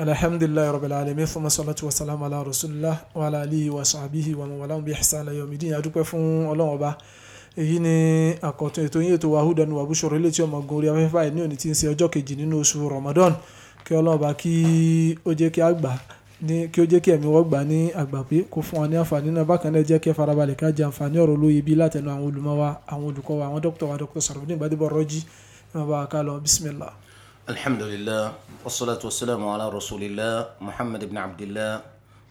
الحمد لله رب العالمين masalatu wasalam ala rasulillah wa ala alihi wa sahbihi wa mawala bi ihsan layomidin adúpẹ́ fún Ọlọ́run ọba èyí ni àkọ́tún ètò yín ètò wàhúdà ní wàbúṣọrọ ilé tí ọmọ ogun orí afẹ́fẹ́ àìní òní tí ń ṣe ọjọ́ kejì nínú oṣù ramadan kí Ọlọ́run kí ó jẹ́ kí àgbà ní kí ó jẹ́ kí ẹ̀mí wọ́n gbà ní àgbà pé kó fún wa ní àǹfààní náà bákan náà jẹ́ kí ẹ farabalẹ̀ ká jẹ àǹfààní ọ̀rọ̀ olóye bíi látẹnu àwọn olùmọ̀ wa àwọn olùkọ́ wa àwọn dókítà wa dókítà Sàràfídín Gbádébọ̀ Rọ́jí ẹ̀ الحمد لله والصلاة والسلام على رسول الله محمد بن عبد الله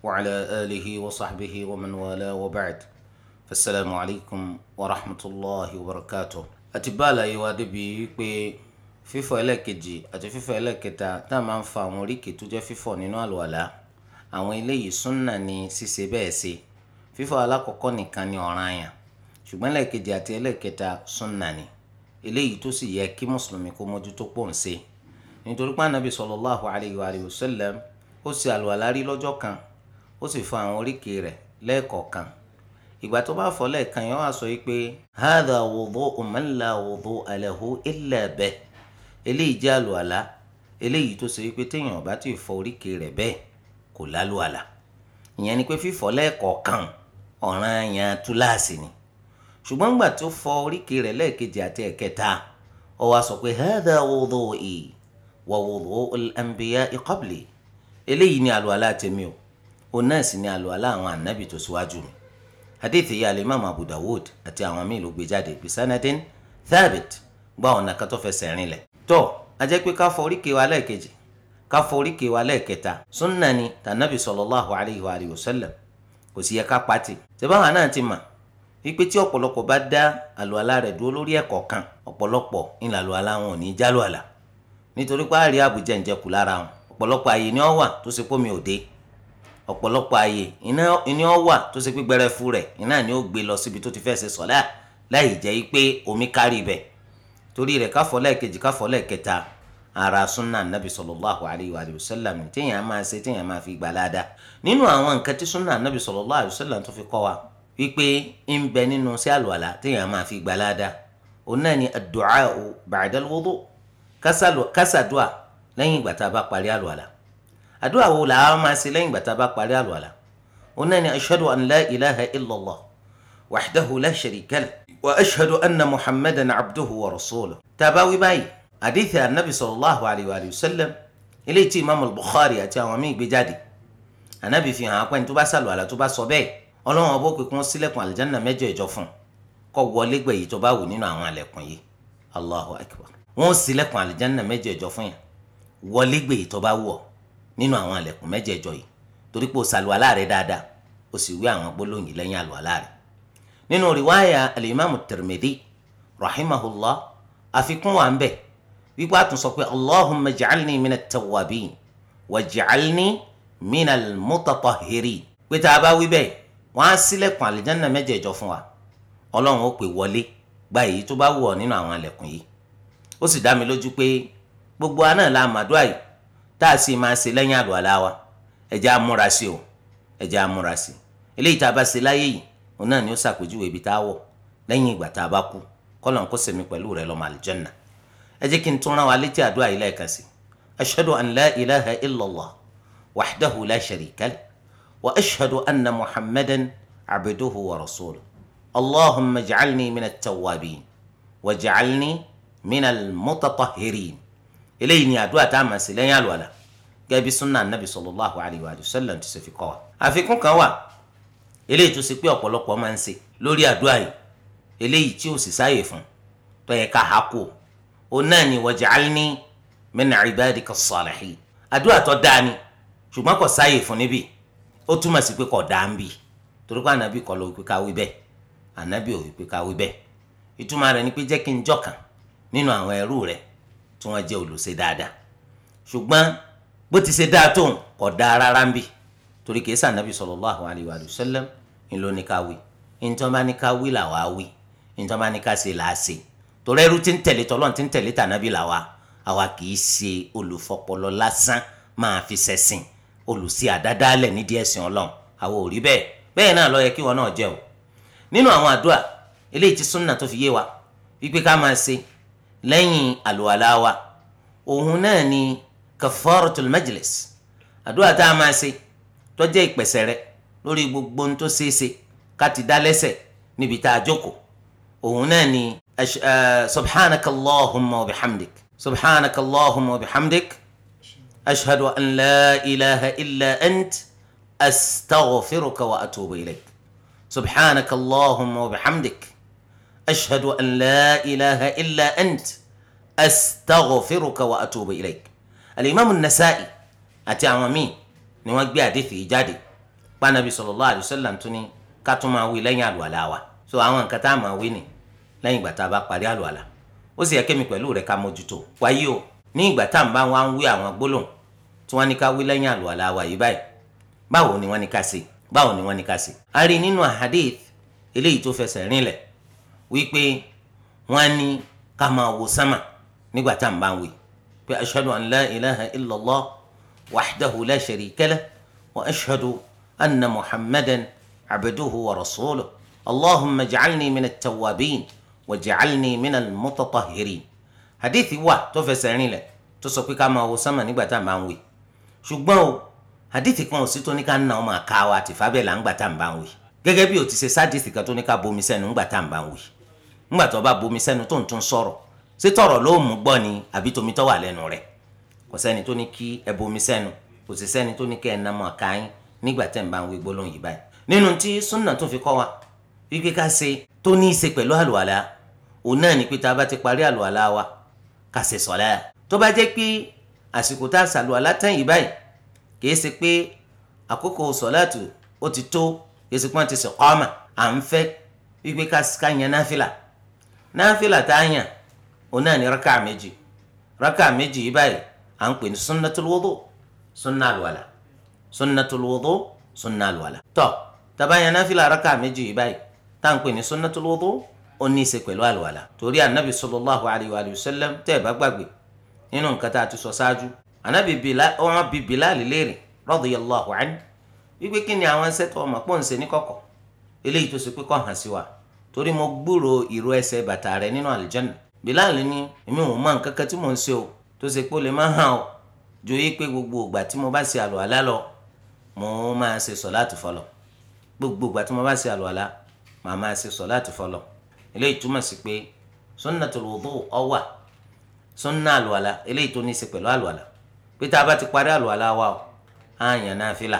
وعلى آله وصحبه ومن والاه وبعد فالسلام عليكم ورحمة الله وبركاته أتبالا يوادبي بي fífọ̀ ẹlẹ́kejì àti fífọ̀ ẹlẹ́kẹta tá a máa ń fa àwọn oríkèé tó jẹ́ fífọ̀ nínú àlùwàlá àwọn eléyìí súnnà ni ṣíṣe bẹ́ẹ̀ ṣe fífọ̀ alákọ̀ọ́kọ́ nìkan ni ọ̀ranyàn ṣùgbọ́n ẹlẹ́kejì àti ẹlẹ́kẹta súnnà ni eléyìí tó sì yẹ kí mùsùlùmí kó mójútó pọ̀ ń ṣe nítorí pé anabi sallallahu alayhi wa alihi wa sallam ó ṣe àlùwàlá rí lọ́jọ́ kan ó sì fọ àwọn oríkèé rẹ̀ lẹ́ẹ̀kọ̀ọ̀kan ìgbà tó bá fọ lẹ́ẹ̀kan yẹn wá sọ yìí pé hadha wudu'u man la wudu'a lahu illa bih eléyìí jẹ́ àlùwàlá eléyìí tó ṣe wípé téèyàn bá ti fọ oríkèé rẹ̀ bẹ́ẹ̀ kò lálùwàlá ìyẹn ni pé fífọ lẹ́ẹ̀kọ̀ọ̀kan ọ̀ranyàn túláàsì ni ṣùgbọ́n ńgbà tó fọ oríkèé rẹ̀ lẹ́ẹ̀kejì àti ẹ̀kẹta ó wá sọ pé hadha wudu'i wa wudu'ul anbiya'i qabli eléyìí ni àlùwàlá tèmi o òun náà sì ni àlùwàlá àwọn ànábì tó síwájú mi hadithi yìí alimami abu dawud àti àwọn míì ló gbé jáde bisanadin thabit gba ọ̀nà kan tó fẹsẹ̀ rinlẹ̀ tó a jẹ́ pé ká fọ oríkèé wa lẹ́ẹ̀kejì ká fọ oríkèé wa lẹ́ẹ̀kẹta sunna ni tànàbì sallallahu alayhi wa alihi wa sallam kò sí yẹ ká pati tẹ́báwá náà ti mà wípé tí ọ̀pọ̀lọpọ̀ bá dá àlùwàlá rẹ̀ dúró lórí ẹ̀kọ́ kan ọ̀pọ̀lọpọ̀ ńlá nítorí pé àárí àbújá ìjẹkù lára wọn ọ̀pọ̀lọpọ̀ ààyè ni ó wà tó ṣe pómi òde ọ̀pọ̀lọpọ̀ ààyè ni ó wà tó ṣe pé gbẹrẹfu rẹ̀ iná ni ó gbé lọ síbi tó ti fẹ́ ṣe sọ̀lá láì jẹ́ pé omi kárí ibẹ̀ torí rẹ̀ káfọ́ lẹ́ẹ̀kejì káfọ́ lẹ́ẹ̀kẹta ara sunna anabi sallallahu alayhi wa sallam téèyàn máa ṣe téèyàn máa fi gbà ládàá nínú àwọn nǹkan tí sunna anabi sallallahu alayhi wa sallam tó fi kọ́ wa wípé ń bẹ nínú sí àlùwàlà téèyàn máa fi gbà ládàá òun náà ni ad-du'a ba'da kásàdúà lẹ́yìn ìgbà tá a bá parí àlùwàlà àdúà wo làá máa ṣe lẹ́yìn ìgbà tá a bá parí àlùwàlà òun náà ni ashhadu an la ilaha illallah wahdahu la sharika lah wa ashhadu anna muhammadan abduhu wa rasuluhu. tá a bá wí báyìí àdìsí anabi sallallahu alayhi wa sallam eléyìí tí imaamu bukhari àti àwọn míì gbé jáde anabi fi hàn apẹ́ni tó bá sàlùwàlà tó bá sọ bẹ́ẹ̀ ọlọ́run ọbọ̀ pé sílẹ̀kùn àlìjáná mẹ́jọ ìjọ fún kọ́ wọlé gbẹ̀yìí tó bá wù nínú àwọn àlẹ̀kùn yìí allahu akbar wọn ò ṣílẹ̀kùn àlìjánná mẹ́jẹ̀ẹ̀jọ fún yàn wọlé gbé èyí tó bá wù ọ́ nínú àwọn àlẹ̀kùn mẹ́jẹ̀ẹ̀jọ yìí torí pé o ṣàlùwàlá rẹ dáadáa o sì wí àwọn gbólóhùn yìí lẹ́yìn àlùwàlá rẹ nínú rìwáyà alimami Tirmidhi rahimahullah àfikún wa ń bẹ wípé a tún sọ pé allahumma jacalni mina tawabin wa jacalni mina mutatahiri pé tá a bá wí bẹ́ẹ̀ wọ́n á ṣílẹ̀kùn àlìjánná mẹ́jẹ̀ẹ̀jọ fún wa ọlọ́run ó pè wọlé gba èyí tó bá wù nínú àwọn àlẹ̀kùn yìí ó sì dá mi lójú pé gbogbo wa náà la màdúrà yìí tá a sì máa ṣe lẹ́yìn àlùwàlá wa ẹ jẹ́ á múra sí o ẹ jẹ́ á múra sí eléyìí tá a bá ṣe láyé yìí òun náà ni ó ṣàpèjúwe ibi tá a wọ̀ lẹ́yìn ìgbà tá a bá kú kọ́lọ̀ ń kó sẹ̀mí pẹ̀lú rẹ̀ lọ́mọ àlùjànnà ẹ jẹ́ kí n tún rán wa létí àdúrà yìí lẹ́ẹ̀kan sí ashhadu an la ilaha illallah minal mutatahhirin eléyìí ni àdúrà tá a máa ṣe lẹ́yìn àlùwàlà gẹ́gẹ́ bí sunna anabi sallallahu alayhi wa sallam ti ṣe fi kọ́ wa. àfikún kan wà eléyìí tó ṣe pé ọ̀pọ̀lọpọ̀ máa ń ṣe lórí àdúrà yìí eléyìí tí ò sì sáyè fún tó yẹ ká há kú o náà ni waj'alni min ibadika salihin àdúrà tó dáa ni ṣùgbọ́n kò sáyè fún níbí ó túmọ̀ sí pé kò dáa ń bì torí pé ànábì nínú àwọn ẹrú rẹ̀ tí wọ́n jẹ́ olùṣe dáadáa ṣùgbọ́n bó ti ṣe dáa tóun kò dáa rárá ń bì torí kìí sàn nàbì sallallahu alayhi wa sallam ńlọ ní ká wí ntọ́ bá ní ká wí làwa wí ntọ́ bá ní ká ṣe là á ṣe torí ẹrú tí ń tẹ̀lé tọ́lọ́n tí ń tẹ̀lé tànàbì làwa àwa kìí ṣe olùfọpọlọ lásán máa fi ṣẹ̀sìn olùsí àdádálẹ̀ nídìí ẹ̀sìn ọlọ́run àwa ò rí bẹ́ẹ̀ bẹ́ẹ̀ náà ló yẹ kí wọn náà jẹ́ o nínú àwọn àdúrà eléyìí tí súnà tó fi yé wa wípé ká máa ṣe lẹ́yìn àlùwàlá wa òun náà ni kafaratul majlis àdúrà tá a máa ṣe tó jẹ́ ìpẹ̀sẹ̀ rẹ lórí gbogbo ohun tó ṣeé ṣe ká ti dá lẹ́sẹ̀ níbi tá a jókòó òun náà ni subhanaka allahumma wa bihamdik subhanaka allahumma wa bihamdik ashhadu an la ilaha illa ant astaghfiruka wa atubu ilayk subhanaka allahumma wa bihamdik ashhadu an la ilaha illa ant astaghfiruka wa atubu ilayk alimami nasa'i àti àwọn míì ni wọ́n gbé àdéhìí yìí jáde pànàbí sallallahu alayhi wa sallam tún ní ká tún máa wí lẹ́yìn àlùwàlà wa so àwọn nǹkan tá a máa wí ni lẹ́yìn ìgbà tá a bá parí àlùwàlà ó sì yẹ kémi pẹ̀lú rẹ̀ ká mójútó wáyé o ní ìgbà tá à ń bá wa ń wí àwọn gbólóhùn tí wọ́n ní ká wí lẹ́yìn àlùwàlà wa yìí báyìí báwo ni wọ́n ní ká ṣe báwo ni wọ́n ní ká ṣe. a rí nínú hadith eléyìí tó fẹsẹ̀ rinlẹ̀ wípé wọ́n ní ká máa wo sámà nígbà tá à ń bá ń wè pé ashhadu an la ilaha illallah wahdahu la sharika lah wa ashhadu anna muhammadan abduhu wa rasuluhu allahumma ja'alni min at-tawwabin wa ja'alni min al-mutatahhirin hadithi wa tó fẹsẹ̀ rinlẹ̀ tó sọ pé ká máa wo sámà nígbà tá à ń bá ń ṣùgbọ́n o hadithi kan ò sí tó ní ká na ọmọ àká wa àtìfábẹ́ là ń gbà tá à ń bá ń gẹ́gẹ́ bí o ti ṣe sádìsì kan tó ní ká bomi sẹ́nu ńgbà tá à ń bá ń ńgbà tó bá bomi sẹ́nu tó ń tún sọ̀rọ̀ ṣé tọ̀rọ̀ ló mú gbọ́ ni àbí tomi tó wà lẹ́nu rẹ̀ kò sẹ́ni tó ní kí ẹ bomi sẹ́nu kò sì sẹ́ni tó ní kí ẹ namọ̀ káyín nígbà tẹ́ ń bá ń wí gbólóhùn yìí báyìí nínú tí súnà tún fi kọ́ wa wípé ká ṣe tó ní í ṣe pẹ̀lú àlùwàlà òun náà ni pé tá a bá ti parí àlùwàlà wa ká ṣe sọ̀lá tó bá jẹ́ pé àsìkò tá a ṣàlùwàlà tán yìí báyìí kì í ṣe pé àkókò sọ̀láàtù ó ti tó kì í ṣe pé wọ́n ti ṣe kọ́ọ̀mà à ń fẹ́ wípé ká yan náfìlà náfìlà tá a yàn òun náà ní rákà méjì rákà méjì yìí báyìí à ń pè ní sunnatul wudu sunna alwala sunnatul wudu sunna alwala. tọ́ tàbá yàn náfìlà rákà méjì yìí báyìí tá à ń pè ní sunnatul wudu ó ní í ṣe pẹ̀lú alwala. torí anabi sallallahu alayhi wa sallam tẹ́ ẹ̀ bá gbàgbé nínú nǹkan tá a ti sọ ṣáájú anabi bi bilali léèrè radiyallahu anhu wípé kí ni àwọn sẹ́tọ̀ ọmọ pọ̀ ń ṣe ní kọ̀kọ̀ eléyìí tó ṣe pé kọ́ hàn sí wa torí mo gbúròó ìró ẹsẹ̀ bàtà rẹ nínú àlìjánà Bilal ní èmi ò mọ nǹkan kan tí mò ń ṣe o tó ṣe pé ó lè má hàn o ju yí pé gbogbo ìgbà tí mo bá ṣe àlùhàlà lọ mo máa ṣe sọ̀láàtì fọlọ̀ gbogbo ìgbà tí mo bá ṣe àlùhàlà màá máa ṣe sọ̀láàtì fọlọ̀ eléyìí túmọ̀ sí pé sunnatul wudu ó wà sunna àlùhàlà eléyìí tó ní ṣe pẹ̀lú àlùhàlà pé tá a bá ti parí àlùhàlà wa o á yàn náà fìlà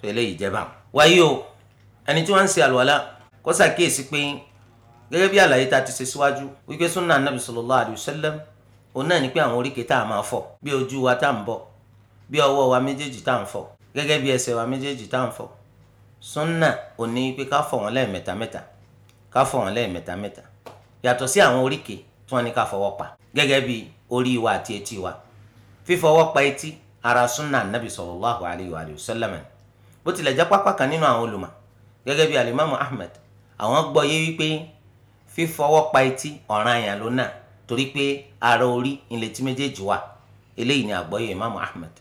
tó eléyìí jẹ́ bá wáyé o ẹni tí wọ́n ń ṣe àlùhàlà kó ṣàkíyèsí pé gẹ́gẹ́ bí àlàyé ta ti ṣe síwájú wípé súnà nàbì sallallahu alayhi wa òun náà ni pé àwọn oríkèé tá a wa tá à ń bọ̀ bí ọwọ́ wa méjèèjì tá à ń gẹ́gẹ́ bí ẹsẹ̀ wa méjèèjì tá à ń fọ̀ súnà ò pé ká fọ̀ wọ́n lẹ́ẹ̀mẹ́ta mẹ́ta ká fọ̀ wọ́n lẹ́ẹ̀mẹ́ta mẹ́ta yàtọ̀ sí àwọn oríkèé tí wọ́n ní ká fọwọ́ pa gẹ́gẹ́ bí orí àwọn gbọ́ yé wípé fífọwọ́ pa etí ọ̀ràn àyàn ló náà torí pé ara orí ilẹ̀ tí méjèèjì wà eléyìí ni àgbọ́yé imaamu ahmed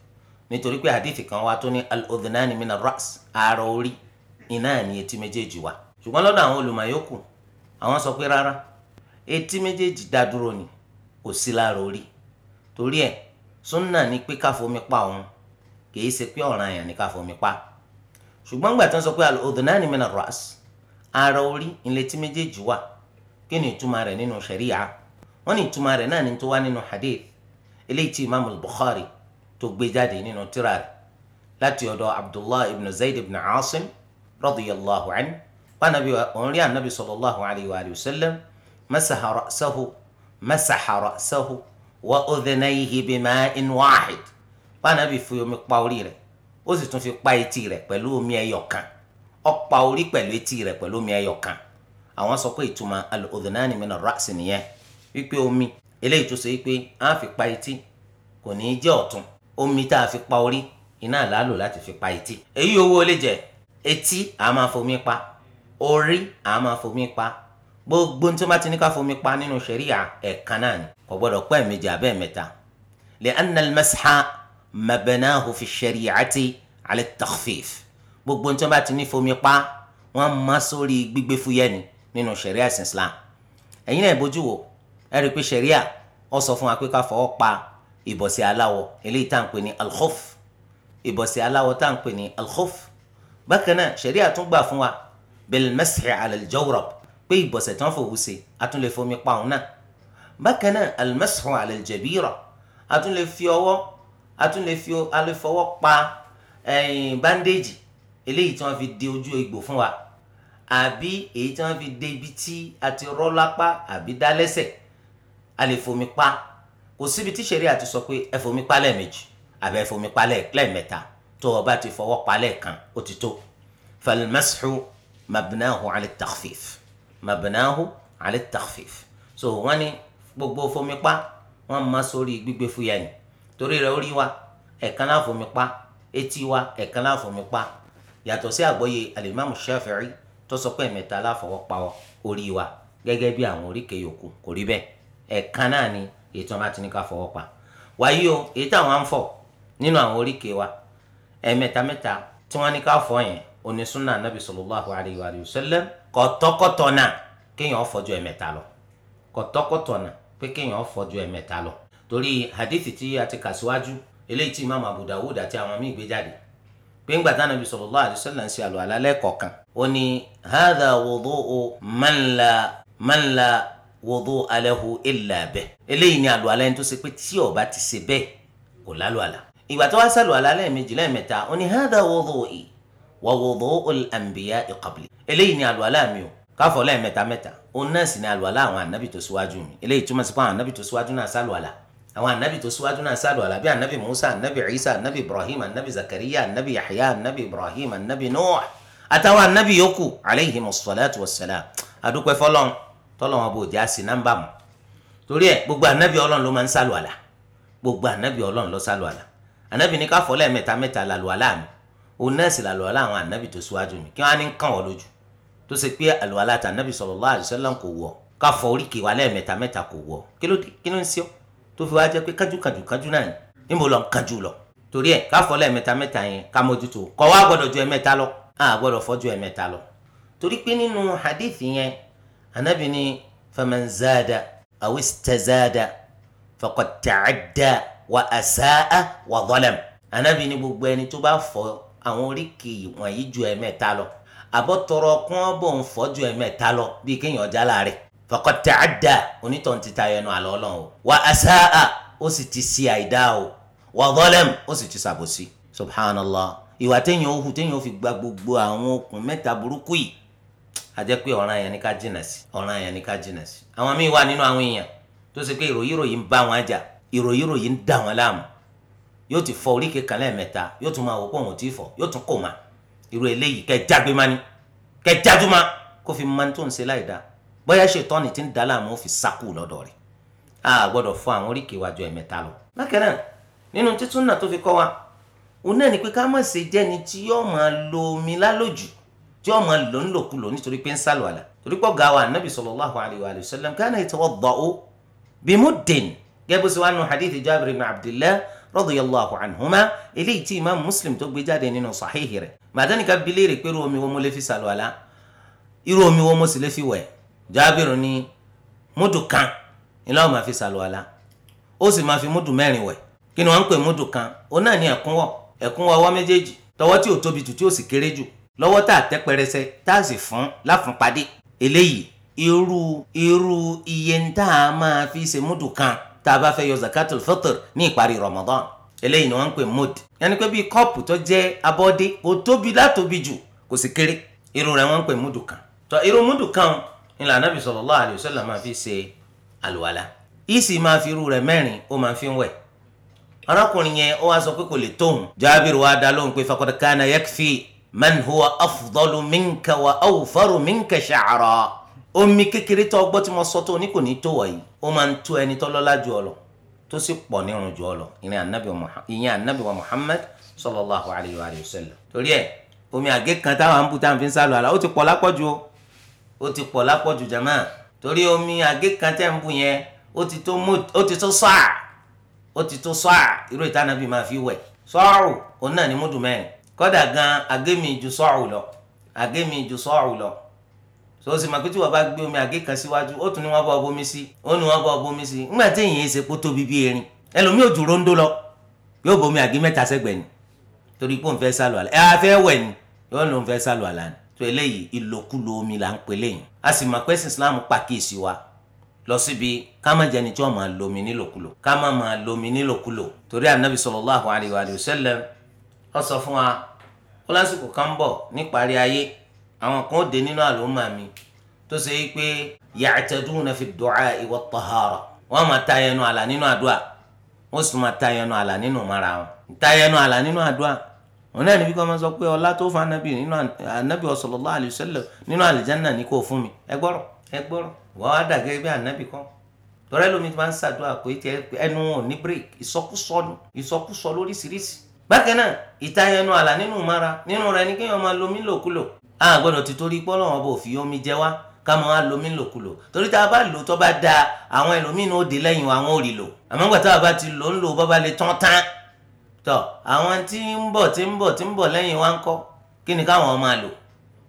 nítorí pé hadithi kan wá tó ní al-udhnani mina ras ara orí iná ní etí méjèèjì wà ṣùgbọ́n lọ́dọ̀ àwọn olùmọ̀yókù àwọn sọ pé rárá etí méjèèjì dá dúró ni kò sí lára orí torí ẹ̀ súnà ni pé káfomi pa òun kì í ṣe pé ọ̀ràn àyàn ni káfomi pa ṣùgbọ́n gbà sọ pé al-udhnani mina ras ara orí ìletí méjèèjì wà kí ni ìtumọ̀ rẹ̀ nínú ṣẹ̀ríyà wọ́n ní ìtumọ̀ rẹ̀ náà ní tó wá nínú hadith eléyìí tí imaamu bukhari tó gbé jáde nínú tírà rẹ̀ láti ọ̀dọ̀ abdullahi ibn zayd ibn asim radiyallahu anhu wa nabi òun rí anabi sallallahu alayhi wa sallam masaha ra'sahu masaha ra'sahu wa udhnayhi bima'in wahid wa nabi fi omi pa orí rẹ̀ ó sì tún fi pa etí rẹ̀ pẹ̀lú omi ẹyọ kan ọ̀pá orí pẹ̀lú etí rẹ̀ pẹ̀lú omi ẹyọ kan àwọn sọ pé ìtumọ̀ al-udhnani min ar-ra's nìyẹn wípé omi eléyìí tó ṣe wípé a fi pa etí kò ní í jẹ́ ọ̀tún omi tá a fi pa orí iná àlálò láti fi pa etí èyí owó lè jẹ etí a máa fomi pa orí a máa fomi pa gbogbo tí wọ́n bá ti ní ká fomi pa nínú ṣẹ̀ríà ẹ̀ẹ̀kan náà ni kò gbọ́dọ̀ pẹ́ méjì abẹ́ mẹ́ta li'anna al-masha mabnahu fi ash-shari'ati 'ala at gbogbo ní tí wọ́n bá ti ní fomi pa wọ́n mọ́ sórí gbígbé fúyẹ́ ni nínú ṣẹ̀ríà ẹ̀sìn Islam ẹ̀yin náà bójú wò ẹ rí i pé ṣẹ̀ríà ó sọ fún wa pé ká fọwọ́ pa ìbọ̀sẹ̀ aláwọ̀ eléyìí tá à ń pè ní alkhuf ìbọ̀sẹ̀ aláwọ̀ tá à ń pè ní alkhuf bákan náà ṣẹ̀ríà tún gbà fún wa bilmasi alaljawrab pé ìbọ̀sẹ̀ tán fòwú se a lè fomi pa òun náà bákan náà almasi alaljabira a lè fi ọwọ́ a lè fi alẹ́fọwọ́ pa eh, bandage eléyìí tí wọ́n fi de ojú egbò fún wa àbí èyí tí wọ́n fi de ibi tí a ti rọ́ lápá àbí dá lẹ́sẹ̀ a lè fomi pa kò síbi tí sẹ́rí àti sọ pé ẹ fomi pa lẹ́ẹ̀mejì àbí ẹ fomi pa lẹ́ẹ̀mẹ́ta tó o bá ti fọwọ́ pa lẹ́ẹ̀kan ó ti tó falmashu mabnahu ala takhfif mabnahu ala takhfif so wọ́n ní gbogbo fomi pa wọ́n máa sórí gbígbé fúyà yìí torí rẹ̀ orí wa ẹ̀kan láfomi pa etí wa ẹ̀kan láfomi pa yàtọ̀ sí àgbọ́yé alimami shafi'i tó sọ pé ẹ̀mẹ́ta láfọwọ́pa orí wa gẹ́gẹ́ bí àwọn oríkèé yòókù kò rí bẹ́ẹ̀ ẹ̀ẹ̀kan náà ni èyí tí wọ́n bá ti ní ká fọwọ́ pa wàyí o èyí táwọn á ń fọ nínú àwọn oríkèé wa ẹ̀ẹ̀mẹ́ta mẹ́ta tí wọ́n ní ká fọ yẹn oní sunna nabi sallallahu alayhi wa sallam kọ̀tọ́kọ̀tọ̀ náà kéèyàn fọ ju ẹ̀ẹ̀mẹ́ta lọ kọ̀tọ́kọ̀tọ̀ náà pé kéèyàn fọ ju ẹ̀ẹ̀mẹ́ta lọ torí hadithi tí a ti kà síwájú eléyìí tí imaamu abu pé ńgbà tá nàbí sallallahu alaihi wasallam ṣe àlọ́ àlálẹ́ kọ̀ọ̀kan ó ní hadha wudu'u man la man la wudu'a lahu illa bih eléyìí ni àlọ́ àlẹ́ tó ṣe pé tí ó bá ti ṣe bẹ́ẹ̀ kò lálọ́ àlà ìgbà tó wá sàlọ́ àlálẹ́ méjì lẹ́ẹ̀mẹ́ta ó ní hadha wudu'i wa wudu'ul anbiya'i qabli eléyìí ni àlọ́ àlá mi o káfọ́ lẹ́ẹ̀mẹ́ta mẹ́ta òun náà sì ni àlọ́ àlá àwọn ànábì tó síwájú mi eléyìí túmọ̀ sí pé àwọn ànábì tó síwájú náà sàlọ́ àlá àwọn anabi tó síwájú náà sálù alábí anabi musa anabi isa anabi ibrahim anabi zakariya anabi yahya anabi ibrahim anabi noah àtàwọn anabi yòókù aleyhi musalatu wasalam adúpẹ́ fọlọ́n tọ́lọ́wọ́n bò jẹ́ àsì nọ́mbà mu torí ẹ gbogbo anabi ọlọ́run ló máa ń sálù àlà gbogbo anabi ọlọ́run ló sálù àlà anabi ní ká fọlẹ́ mẹ́ta mẹ́ta lálù àlà mi òun náà sì lálù àlà àwọn anabi tó síwájú mi kí wọ́n á ní kàn wọ́n lójú tó ṣe pé àlù àlà tà anabi sallallahu alaihi wasallam kò wọ̀ ká fọ oríkèé lẹ́ẹ̀mẹ́ta mẹ́ta kò wọ̀ kí ló ń ṣe ọ́ tó fi wá jẹ́ pé kájúkájú kájú náà ni níbo lọ ń kájú lọ torí ẹ̀ káfọ́ lẹ́ẹ̀mẹ́ta mẹ́ta yẹn ká mójútó kọ́ wá gbọ́dọ̀ ju ẹ̀mẹ́ta lọ á gbọ́dọ̀ fọ́jú ẹ̀mẹ́ta lọ torí pé nínú hadith yẹn anabi ni faman zada aw istazada faqad ta'adda wa asa'a wa zalam anabi ni gbogbo ẹni tó bá fọ́ àwọn oríkèé wọ̀nyí ju ẹ̀mẹ́ta lọ àbọ̀tọ̀rọ̀ kún ọ́ ń fọ́ ju ẹ̀mẹ́ta lọ bíi kéèyàn jálá rẹ̀ faqad ta'adda onítọ̀hún ti ta ẹnu àlọ́ ọlọ́run o wa asa'a ó sì ti ṣe àìdá o wa zalam ó sì ti ṣàbòsí subhanallah ìwà téèyàn ó hù téèyàn ó fi gba gbogbo àwọn okùn mẹ́ta burúkú yìí àjẹ́ ọ̀ràn yẹn ni ká jìnà sí ọ̀ràn yẹn ni ká jìnà sí àwọn míì wà nínú àwọn èèyàn tó ṣe pé ìròyìnròyìn ń bá wọn jà ìròyìnròyìn ń dà wọn láàmú yóò ti fọ oríkè kan lẹ́ẹ̀mẹ́ta yóò tún máa wò pé òun ò tí ì fọ yóò tún kò má irú eléyìí kẹ́ jágbe má ni kẹ́ jájú má kó fi máa tó ń ṣe láì dáa bóyá ṣètọ́ni tí ń dá láàmú ó fi sákù lọ́dọ̀ rẹ̀ a gbọ́dọ̀ fọ àwọn oríkèé wájú ẹ̀mẹ́ta lọ. bákan náà nínú títún náà tó fi kọ́ wa òun náà ni pé ká má ṣe jẹ́ni tí yóò máa lo omi lálòjù tí yóò máa lò ń lòkulò nítorí pé ń sálò àlà torí pé ọ̀gá wa anabi sallallahu alayhi wa sallam kana yatawadda'u bimuddin gẹ́gẹ́ bó ṣe wá nù hadith jabir ibn abdillah radiyallahu anhuma eléyìí tí imam muslim tó gbé jáde nínú sahihi rẹ̀ màdánìkà bilé rè pé irú omi wo mo lè fi sálò àlà irú omi wo mo sì lè fi wẹ̀ jábìrún ní múdù kan ilé wọn máa fi ṣàlùwàlá ó sì máa fi múdù mẹ́rin wẹ̀ kí ni wọ́n ń pè múdù kan ó náà ní ẹ̀kúnwọ̀ ẹ̀kúnwọ̀ ọwọ́ méjèèjì tọwọ́ tí ò tóbi jù tí ò sì kéré jù lọ́wọ́ tá a tẹ́ pẹrẹsẹ tá a sì fún láfúnpadé eléyìí irú irú iye tá a máa fi ṣe múdù kan tá a bá fẹ́ yọ zakatul fitr ní ìparí Ramadan eléyìí ni wọ́n ń pè mood yẹnni pé bíi kọ́ọ̀pù tó jẹ́ abọ́dé kò tóbi látóbi jù kò sì kéré irú rẹ̀ wọ́n ń pè múdù kan tọ́ irú múdù kan nílà anábì sallallahu alayhi wa sallam máa fi ṣe àlùwàlà ìsì máa fi irú rẹ̀ mẹ́rin ó máa fi ń wẹ̀ arákùnrin yẹn ó wá sọ pé kò lè tóun Jábìrì wá dá lóhùn pé faqad kana yakfi man huwa afdalu minka wa awfaru minka sha'ra omi kékeré tó ọgbọ́n tí mo sọ tó ní kò ní tó wọ̀nyí ó máa ń tó ẹni tó lọ́lá jù ọ lọ tó sì pọ̀ nírun jù ọ lọ ìyẹn anabi wa Muhammad sallallahu alayhi wa sallam torí ẹ omi àgé kan táwọn àǹbù fi ń sálọ àlà ó ti pọ̀ lápọ̀jù o ó ti pọ̀ lápọ̀jù jama torí omi àgé kan tẹ́ ń bù yẹn ó ti tó mú ó ti tó sọ́à ó ti tó sọ́à irú ìtànàbí máa fi wẹ̀ sọ́ọ̀rù òun náà ní múdù mẹ́rin kọ́dà gan àgé mi ju sọ́ọ̀rù lọ àgé mi ju sọ́ọ̀rù lọ so sì màkìtì wà bá gbé omi àgé kan síwájú ó tún ní wọn bá bomi sí ó ní wọn bá bomi sí ńgbà tí èyí ṣe kó tóbi bí erin ẹlòmíì ò ju rondo lọ yóò bomi àgé mẹ́ta sẹ́gbẹ̀ẹ́ ni torí pé òun fẹ́ sálọ àlá ẹ á wẹ̀ ni yóò lòun fẹ́ sálọ àlá ni pẹ̀lẹ́ yìí ìlòkulò omi là ń pẹ̀lẹ́ yìí a sì mọ̀ pé Islam pàkíyèsí wa lọ síbi ká má jẹni tí wọ́n máa lomi nílòkulò ká má máa lomi nílòkulò torí anabi sallallahu alayhi wa sallam ó sọ fún wa ó lásìkò kan bọ̀ níparí ayé àwọn kan ó dé nínú àlùmọ́ mi tó ṣe é pé ya'taduna fi du'a wa tahara wọ́n máa ta ẹnu àlà nínú àdúrà wọ́n sì máa ta ẹnu àlà nínú mara wọn ta ẹnu àlà nínú àdúrà òun náà ní bí kò máa sọ pé ọlá tó fún anabi nínú anabi sallallahu alaihi wasallam nínú àlìjánà ní kò fún mi ẹ gbọ́rọ̀ ẹ gbọ́rọ̀ wọ́n á dà gẹ́gẹ́ bí anabi kan tọ́lá lómi ti máa ń ṣàdúrà pé tiẹ̀ ẹnu ò ní break ìsọkúsọ ni ìsọkúsọ lóríṣiríṣi bákan náà ìtayẹn ẹnu àlà nínú mara nínú rẹ ní kéèyàn máa lomi lòkulò a gbọ́dọ̀ ti torí pọ́lọ́ wọn bò fi omi jẹ wá ká máa lomi lòkulò torí tá a bá lò tó bá dáa àwọn ẹlòmíín ó lẹ́yìn àwọn ò àmọ́ gbàtà bá ti lò ń lò bá lè tán tán tọ àwọn tí ń bọ̀ tí ń bọ̀ tí ń bọ̀ lẹ́yìn wa ń kọ́ kí ni káwọn máa lò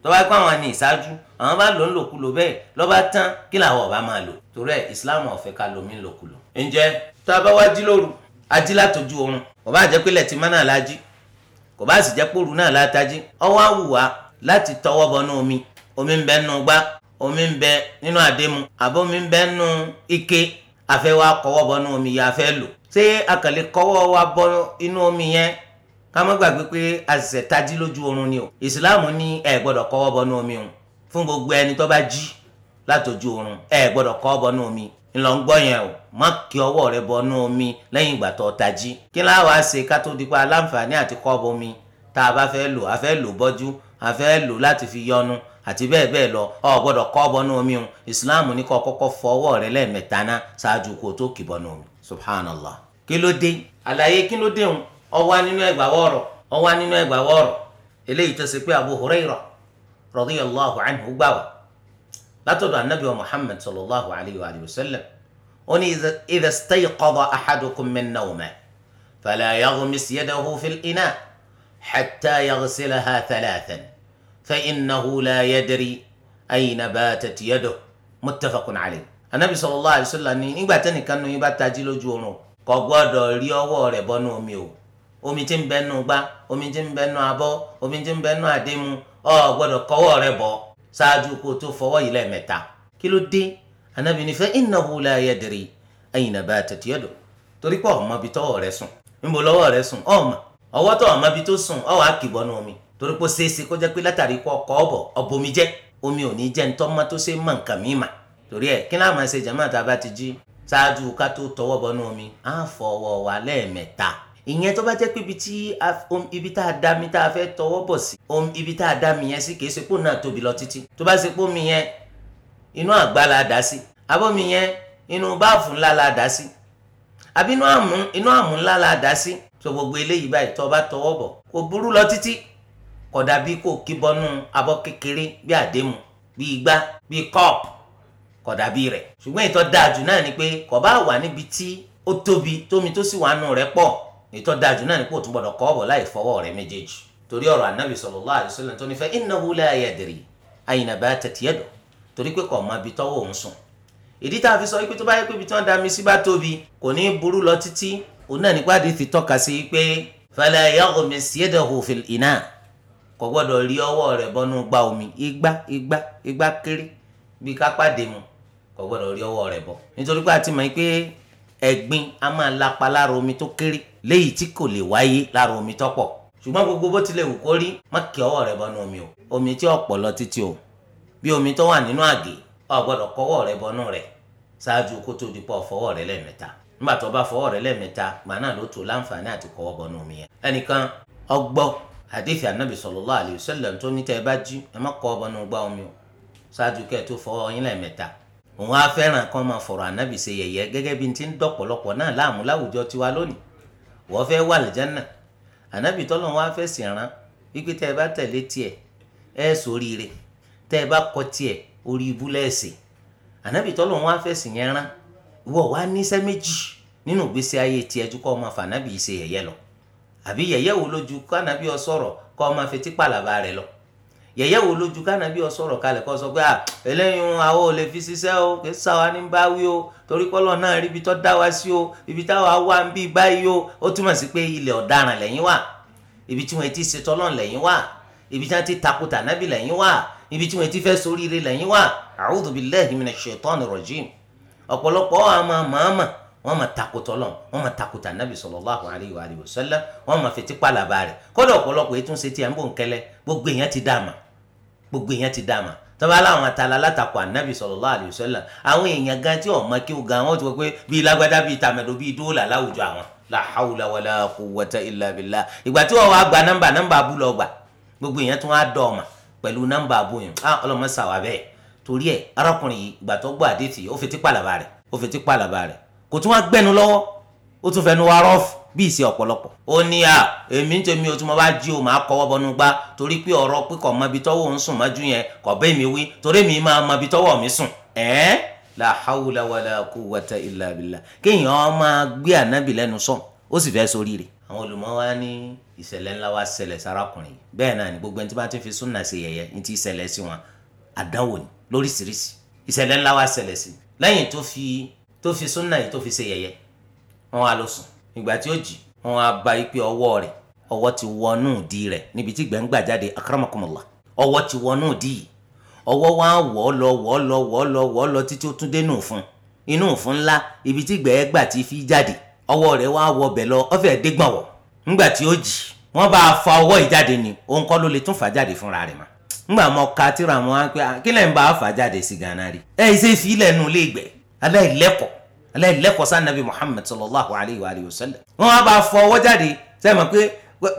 tọ́ba pé àwọn ni ìṣáájú àwọn bá lò ń lòkulò bẹ́ẹ̀ lọ́ba tán kí làwọn ọba máa lò torí ẹ̀ ìsìláàmù ọ̀fẹ́ ká lomi lòkulò. ǹjẹ́ tá a bá wá jí lóru ají látọjú oorun kò bá jẹ́ pé lẹ́tì má náà lájí kò bá sì jẹ́ pòru náà látají ọwọ́ àwùwá láti tọwọ́ bọnú omi omi ń bẹ nínú gbá omi ń bẹ nínú àdému àbómi ń bẹ nínú ike afẹ́ wa kọwọ́ bọnú omi yà afẹ́ lò ṣé akànlẹ̀ kọ́wọ́ wa bọ́ inú omi yẹn ká má gbàgbé pé àṣẹ tají lójú oorun ni o ìsìláàmù ní ẹ gbọ́dọ̀ kọ́wọ́ bọ́ inú omi o fún gbogbo ẹni tó bá jí látọjú oorun ẹ gbọ́dọ̀ kọ́wọ́ bọ́ inú omi ńlọ ń gbọ́ yẹn o má kí ọwọ́ rẹ bọ́ inú omi lẹ́yìn ìgbà tó tají kí láwàá ṣe ká tó di pa aláǹfààní àti kọ́ọ̀bù omi tá a bá fẹ́ lò a fẹ́ lò bọ́jú a fẹ́ lò láti fi yọnu àti bẹ́ẹ̀ bẹ́ẹ̀ lọ ọ gbọ́dọ̀ kọ́ omi o ìsìláàmù ní kọ́ kọ́kọ́ fọ rẹ lẹ́ẹ̀mẹ́ta ná ṣáájú kó tó kì bọ́nú omi. سبحان الله كيلو دي على اي كيلو دي او وان نو ايغبا وورو او وان نو ايغبا وورو تسيبي ابو هريره رضي الله عنه غبا لا تدعو النبي محمد صلى الله عليه واله وسلم اني اذا استيقظ احدكم من نومه فلا يغمس يده في الاناء حتى يغسلها ثلاثا فانه لا يدري اين باتت يده متفق عليه anabi sallallahu alaihi wasallam ní nígbà tẹnìkan nu yín bá tají lójú oorun kò gbọ́dọ̀ rí ọwọ́ rẹ̀ bọnú omi o omi tí ń bẹnu gbá omi tí ń bẹnu abọ́ omi tí ń bẹnu àdému ọ gbọ́dọ̀ kọ́wọ́ rẹ̀ bọ ṣáájú kó tó fọwọ́ yìí lẹ́ẹ̀mẹ́ta kí ló dé anabi ní fa innahu la yadri ayna batat yadu torí pé ọmọ ibi tọ́wọ́ rẹ̀ sùn níbo lọ́wọ́ rẹ̀ sùn ọmọ ọwọ́ tó ọmọ ibi tó sùn ọwọ́ àkìbọnú omi torí pé ó ṣeéṣe kó jẹ́ pé látàrí kọ ọkọ ọbọ ọbomi jẹ omi ò ní jẹ ntọ́ mọ́tò ṣe mọ̀ nǹkan míì torí ẹ kí láwọn ṣe jàmáà tá a bá ti jí ṣáájú ká tó tọwọ́ bọnú omi á fọwọ́ wa lẹ́ẹ̀mẹ́ta ìyẹn tó bá jẹ́ pé ibi tí ibi tá a dá mi tá a fẹ́ tọwọ́ bọ̀ sí ibi tá a dá mi yẹn sí kì í ṣe pò náà tóbi lọ títí tó bá ṣe pò mi yẹn inú àgbá la dá sí abọ́ mi yẹn inú báàfù ńlá la dá sí àbí inú àmú ńlá la dá sí tó gbogbo eléyìí báyìí tó bá tọwọ́ bọ̀ kò burú lọ títí kódà bí kò kí bọnú abọ́ kékeré bí àdéhùn bí igbá bí kọ́ọ̀pù kò dàbí rẹ̀ ṣùgbọ́n ìtọ́ dáa jù náà ni pé kò bá wà níbi tí ó tóbi tómi tó sì wà nù rẹ̀ pọ̀ ìtọ́ dáa jù náà ni pé òtún gbọ́dọ̀ kọ́ ọ̀bọ̀ láì fọwọ́ rẹ̀ méjèèjì torí ọ̀rọ̀ anábì sallallahu alaihi wasallam tó ní fa innahu la yadri ayna batat yaduhu torí pé kò mọ ibi tọ́wọ́ òun sùn ìdí tá a fi sọ wípé tó bá yẹ pé ibi tí wọ́n da mi sí bá tóbi kò ní burú lọ títí òun náà nípa àdé ti tọ́ka sí pé fala yaghmis yadahu fil ina kò gbọ́dọ̀ rí ọwọ́ rẹ̀ bọ́nú gba omi igbá igbá igbá kéré bí kápá dé mu kò gbọdọ̀ rí ọwọ́ rẹ̀ bọ̀ nítorí pé a ti mọ̀ pé ẹ̀gbin a máa lapa lára omi tó kéré léyìí tí kò lè wáyé lára omi tó pọ̀ ṣùgbọ́n gbogbo bó tilẹ̀ wù kó rí má kí omi o omi tí ọ̀pọ̀ lọ o bí omi tó wà nínú àgè rẹ bọnú ṣáájú kó tó di nígbà tó bá gbà náà ló tó láǹfààní àti bọnú omi yẹn ẹnìkan tó ní omi o ṣáájú òun á fẹ́ràn kan máa fọ̀rọ̀ ànábì ṣe yẹ̀yẹ́ gẹ́gẹ́ bí n ti ń dọ̀pọ̀lọpọ̀ náà láàmú láwùjọ tiwa lónìí wọ́n fẹ́ wà lìjánà ànábì tọ́lọ́ wọn á fẹ́ sì rán wípé tẹ́ ẹ bá tẹ̀lé tiẹ̀ ẹ sóríire tẹ́ ẹ bá kọ tiẹ̀ orí ibú lẹ́ẹ̀sì ànábì wọn á fẹ́ sì yẹn ọ yẹ̀yẹ́ wo lójú kánàbí ọ sọ̀rọ̀ kalẹ̀ kọ́ sọ pé à ah, eléyìí àwọn ò lè fi ṣiṣẹ́ o kì í sáwa ní bá wí o torí kọ́lọ̀ náà rí ibi tó dá wa sí o ibi táwa wà ń bí báyìí o ó túmọ̀ sí pé ilẹ̀ ọ̀daràn lẹ́yìn wà ibi tí wọ́n ti ṣe tọ́lọ́n lẹ́yìn wà ibi tí wọ́n ti takuta nábì lẹ́yìn wà ibi tí wọ́n ti fẹ́ soríire lẹ́yìn wà a'udhu billahi minash shaitani rajim ọ̀pọ̀lọpọ̀ àmọ́ màmá wọ́n máa takùtà Ọlọ́run wọ́n máa takùtà nàbì sallallahu alayhi wa sallam wọ́n máa fetí pàlàbà rẹ̀ kọ́dọ̀ ọ̀pọ̀lọpọ̀ ètò ń ṣe tiẹ̀ ń bò ń kẹlẹ̀ gbogbo èèyàn ti dá a mọ̀ gbogbo èèyàn ti dà mà tọ́ba láwọn atala látakọ̀ ànábì sallallahu alaihi wasallam àwọn èèyàn gan tí ọ̀mọ kí o gan wọ́n ti wọ́n pé bíi lágbádá bíi tàmẹ̀dò bíi dóòlà láwùjọ àwọn la hawla wala quwwata illa billah ìgbà tí wọ́n wá gba nọ́mbà nọ́mbà abú lọ gbà gbogbo èèyàn tún wá dọ̀ ọ̀mà pẹ̀lú nọ́mbà abú yẹn ah ọlọ́mọ sàwà bẹ́ẹ̀ torí ẹ̀ arákùnrin yìí ìgbà tó gbọ́ àdéhìí ó fi tí pàlàbà rẹ̀ ó fi tí pàlàbà rẹ̀ kò tún wá gbẹ́nu lọ́wọ́ ó tún fẹnu wá rọ́ọ̀fù bí ìṣe ọ̀pọ̀lọpọ̀. ó ní à èmi ń tẹ̀mí o tí mo bá jí o máa kọ́wọ́ bọnú gbá torí pé ọ̀rọ̀ pé kò mọbi tọ́wọ́ ń sùn mọ́jú yẹn kò bẹ́ẹ̀ mi wí torí mi máa mọbi tọ́wọ́ mi sùn. ẹ́ẹ́ la hawla wala quwwata illa billah kéèyàn máa gbé ànábì lẹ́nu sọ̀n ó sì fẹ́ sórí rẹ̀. àwọn olùmọ̀ wa ní ìṣẹ̀lẹ̀ ńlá wa ṣẹlẹ̀ sárakùnrin bẹ́ẹ̀ náà ni gbogbo ẹni tí bá ti fi súnà ṣe yẹ̀yẹ́ ní ti ìṣẹ̀lẹ̀ lọ sùn ìgbà tí ó jì wọn á ba ipe ọwọ́ rẹ̀ ọwọ́ ti wọnú ìdí rẹ̀ níbi tí gbẹ̀ngbà jáde akramakumullah ọwọ́ ti wọnú ìdí yìí ọwọ́ wa wọ́ lọ wọ́ lọ wọ́ lọ wọ́ lọ títí ó tún dé nù fún inú fún ńlá ibi tí gbẹ̀ẹ́gbà ti fi jáde ọwọ́ rẹ̀ wá wọ bẹ̀ lọ ọfẹ́ dégbàwọ̀ ńgbà tí ó jì wọ́n bá a fa ọwọ́ ìjáde ni òun kọ́ ló lè tún fà jáde fúnra rẹ̀ mọ́ ńgbà mọ ka tíra wọn á pé ah, kí lẹ́yìn bá a fà jáde sí gánà rí ṣe fi ilẹ̀ nù lé gbẹ̀ aláìlẹ́kọ̀ọ́ aláìlẹ́kọ̀ọ́sá nàbí Muhammad sallallahu alayhi wa alihi wa sallam. wọ́n á bá fọ ọwọ́ jáde sẹ́yìn mọ̀ pé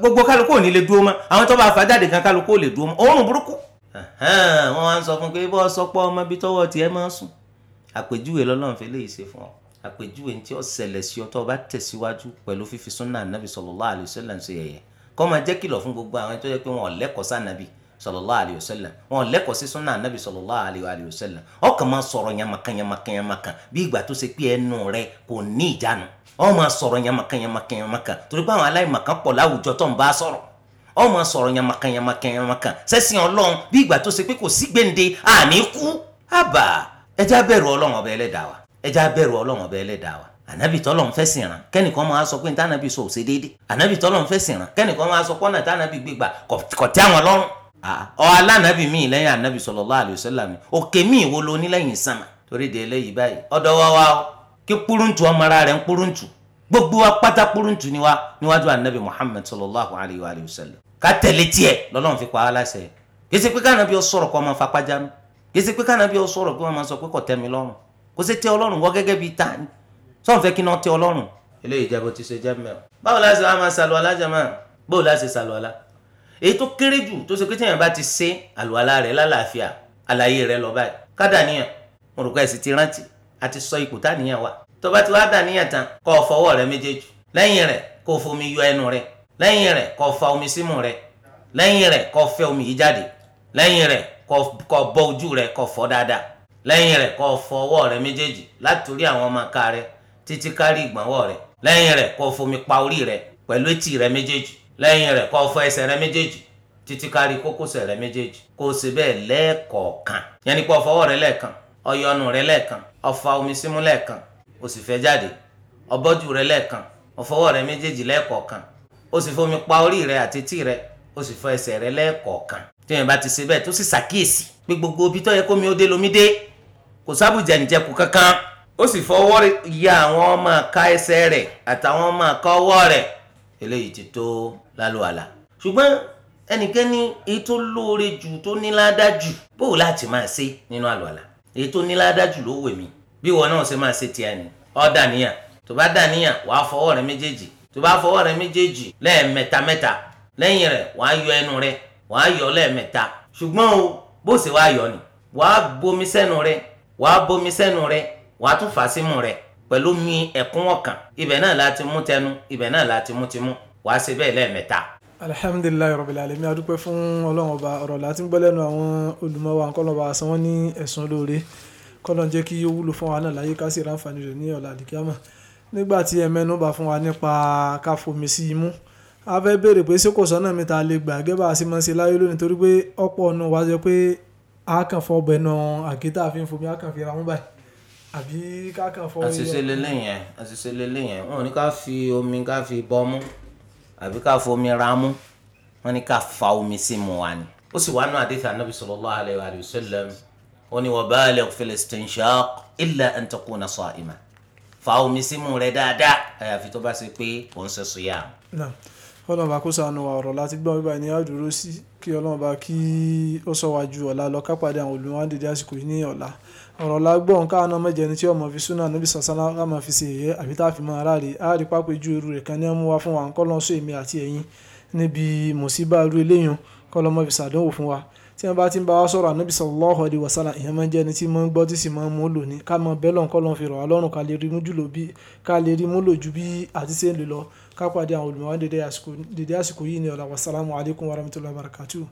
gbogbo kálukú ò ní lè dúró mọ́ àwọn tó bá fà jáde kan kálukú ò lè dúró mọ́ òórùn burúkú. wọ́n á sọ fún pé bọ́ sọpọ́ ọmọ bíi tọwọ́ tiẹ̀ máa sùn àpèjúwe lọ́lọ́run fẹ́ léyìí ṣe fún ọ àpèjúwe tí ó ṣẹlẹ̀ sí ọ tó o bá tẹ̀síwájú pẹ̀lú fífi súnà nàbì sallallahu alayhi ṣe yẹ̀yẹ́ kọ́ máa jẹ́ kìlọ̀ fún gbogbo àwọn tó yẹ pé wọn ò lẹ́kọ̀ọ́ sànàbì sallallahu alayhi wa sallam wọn lẹ́kọ̀ọ́ sí sunna anabi sallallahu alayhi wa sallam ọkàn máa sọ̀rọ̀ yamakan yamakan yamakan bí ìgbà tó ṣe pé ẹnu rẹ kò ní ìjánu ọ máa sọ̀rọ̀ yamakan yamakan yamakan torí pé àwọn aláìmọ̀kan pọ̀ láwùjọ tó ń bá sọ̀rọ̀ ọ máa sọ̀rọ̀ yamakan yamakan yamakan sẹ́sìn ọlọ́run bí ìgbà tó ṣe pé kò sí gbèǹde àní kú àbà ẹja bẹ̀rù ọlọ́run ọba ẹlẹ́dàá wa ẹja bẹ̀rù ọlọ́run ọba ẹlẹ́dàá wa ànábì tọ́lọ̀ ń fẹ́sìn ràn kẹ́nìkan máa sọ pé ntànàbì sọ òsè ànábì tọ́lọ̀ ń fẹ́sìn ràn kẹ́nìkan máa sọ pọ́nà tànàbì gbégbà kọ̀tí àwọn lọ́rùn ọ alánàbì míì lẹ́yìn ànábì sallallahu alaihi wasallam òkè míì wo ló ní lẹ́yìn sàmà torí de eléyìí báyìí ọ̀dọ̀ wa wa o kí kúrúntù ọmọ ara rẹ̀ ń kúrúntù gbogbo wa pátá kúrúntù ni wa níwájú ànábì Muhammad sallallahu alaihi wasallam ká tẹ̀lé tiẹ̀ lọ́lọ́run fi pa á láṣẹ kì í ṣe pé kánàbí ọ sọ̀rọ̀ kọ́ ọmọ fapájánu kì í ṣe pé kánàbí ọ sọ̀rọ̀ kí wọ́n máa sọ pé kò tẹ́ mi lọ́rùn kò sí tẹ́ ọlọ́run wọ́ gẹ́gẹ́ bíi ta sọ́n fẹ́ kí náà tẹ́ ọlọ́run eléyìí jẹ́ bó ti ṣe jẹ́ mẹ́ọ̀ báwo la ṣe wá máa ṣàlùwalá jẹ́ máa báwo la ṣe ṣàlùwalá èyí tó kéré jù tó ṣe pé téèyàn bá ti ṣe àlùwàlá rẹ̀ lálàáfíà àlàyé rẹ̀ lọ báyìí kádàníyàn mo rò pé ẹ sì ti rántí àti sọ ipò táníyàn wà tó bá ti wá dàníyàn tán kó o fọwọ́ rẹ̀ méjèèjì lẹ́yìn rẹ̀ kó o fomi yọ ẹnu rẹ̀ lẹ́yìn rẹ̀ kó fa omi símú rẹ̀ lẹ́yìn rẹ̀ kó o omi yìí jáde lẹ́yìn rẹ̀ kó o ojú rẹ̀ kó fọ dáadáa lẹ́yìn rẹ̀ kó o fọ ọwọ́ rẹ̀ méjèèjì àwọn ọmọ ká rẹ̀ títí kárí ìgbọ̀nwọ́ rẹ̀ lẹ́yìn rẹ̀ kó fomi pa orí rẹ̀ pẹ̀lú etí rẹ̀ méjèèjì lẹ́yìn rẹ̀ kó fọ ẹsẹ̀ rẹ méjèèjì títí kárí kókósẹ̀ rẹ méjèèjì kó o ṣe bẹ́ẹ̀ lẹ́ẹ̀kọ̀ọ̀kan yẹn ni kó o rẹ lẹ́ẹ̀kan ọyọnu rẹ lẹ́ẹ̀kan ọfọ omi símú lẹ́ẹ̀kan ó sì fẹ́ jáde ó rẹ lẹ́ẹ̀kan ó rẹ méjèèjì lẹ́ẹ̀kọ̀ọ̀kan ó sì fomi pa orí rẹ àti etí rẹ ó sì fọ ẹsẹ̀ rẹ lẹ́ẹ̀kọ̀ọ̀kan tí yẹn bá ti ṣe bẹ́ẹ̀ tó sì ṣàkíyèsí pé gbogbo ibi tó yẹ mi ó dé lomi dé kò sábùjẹ nìjẹkù kankan ó sì fọwọ́ ya àwọn ọmọ àka ẹsẹ̀ rẹ̀ àtàwọn ọmọ àka ọwọ́ rẹ̀ eléyìí ti tó lálùwàlà ṣùgbọ́n ẹnikẹ́ni èyí tó lóore jù tó níláadá jù bó o láti máa ṣe nínú àlùwàlà èyí tó níláadá jù ló wè mí bí wọn náà ṣe máa ṣe tiẹ̀ ni ó dàníyàn tó bá dàníyàn wàá fọwọ́ rẹ méjèèjì tó bá fọwọ́ rẹ méjèèjì lẹ́ẹ̀mẹ́ta mẹ́ta lẹ́yìn rẹ̀ wàá yọ ẹnu rẹ wàá yọ lẹ́ẹ̀mẹ́ta ṣùgbọ́n o bó ṣe wàá yọ ni wàá bomi sẹ́nu rẹ wàá bomi sẹ́nu rẹ wàá tún fà símú rẹ pẹ̀lú mi ẹ̀kún ọkàn ibẹ̀ náà láti mú tẹnu ibẹ̀ náà láti mú timú wàá ṣe bẹ́ẹ̀ lẹ́ẹ̀mẹ́ta. alhamdulilayi rabbil alamin adúpẹ́ fún ọlọ́run ọba ọ̀rọ̀ láti ń gbọ́lẹ́nu àwọn olùmọ̀ wa nǹkan lọ́ba àsan wọn ní ẹ̀sùn olóore kọ́lọ́n jẹ́ kí ó wúlò fún wa náà láyé ká sì ráǹfààní rẹ̀ ní ọ̀la àdìkámọ̀ nígbà tí ẹ mẹ́nu bá fún wa nípa ká fomi sí imú a fẹ́ béèrè pé ṣé kò sọ́nà mi ta lè gbà gẹ́gẹ́ bá a ṣe máa ń ṣe láyé lónìí torí pé ọ̀pọ̀ ọ̀nà wa jẹ́ pé a kàn fọ́ ọbẹ̀ náà àkítà àfi ń fomi a kàn fi ra wọn báyìí àbí kákan fọwọ́ yẹn. àṣìṣe lélẹ̀ yẹn àṣìṣe lélẹ̀ yẹn wọn ò ní ká fi omi ká fi bọ́mú àbí ká fomi ramú wọn ní ká fa omi sí mu wa ni. ó sì wàá nù àdéhùn anábì sallallahu alayhi wa sallam ó ní wa baligh fil istinshaq illa an takuna sa'ima fa omi sí mu rẹ dáadáa àyàfi tó bá ṣe pé òun ṣe sùyà ọlọ́run bá kó sànù wa ọ̀rọ̀ láti gbọ́n bíbá ẹni àdúró sí kí ọlọ́run bá kí ó sọ wá ju ọ̀la lọ kápàdé àwọn olùwádìí àsìkò yìí ní ọ̀la ọ̀rọ̀ la gbọ́n káàánú mẹ́jẹ ni tí ọmọ fi súnà níbi sàsánà ká máa fi ṣe èyẹ àbí tá a fi máa ráre áàrí pápẹ́ ju eru rẹ̀ kan ní ọmú wa fún wa ń kọ́lọ́n sọ èmi àti ẹ̀yin níbi mùsíbà ru eléyìn kọ́lọ́mọ fi ṣàdánwò fún wa tí wọ́n bá ti ń bá wa sọ̀rọ̀ ànábì sallallahu alaihi wasallam ìyẹn máa ń jẹ́ ẹni tí máa ń gbọ́ tí sì máa ń mú lò ní ká máa bẹ́lọ̀ kọ́lọ́n fi rọ̀ wá lọ́rùn ká lè rí mú lò ju bí àti ṣe ń lò lọ ká pàdé àwọn olùmọ̀wá dédé àsìkò yìí ní ọ̀la wasalaamu alaykum wa rahmatulahi wa barakatuh.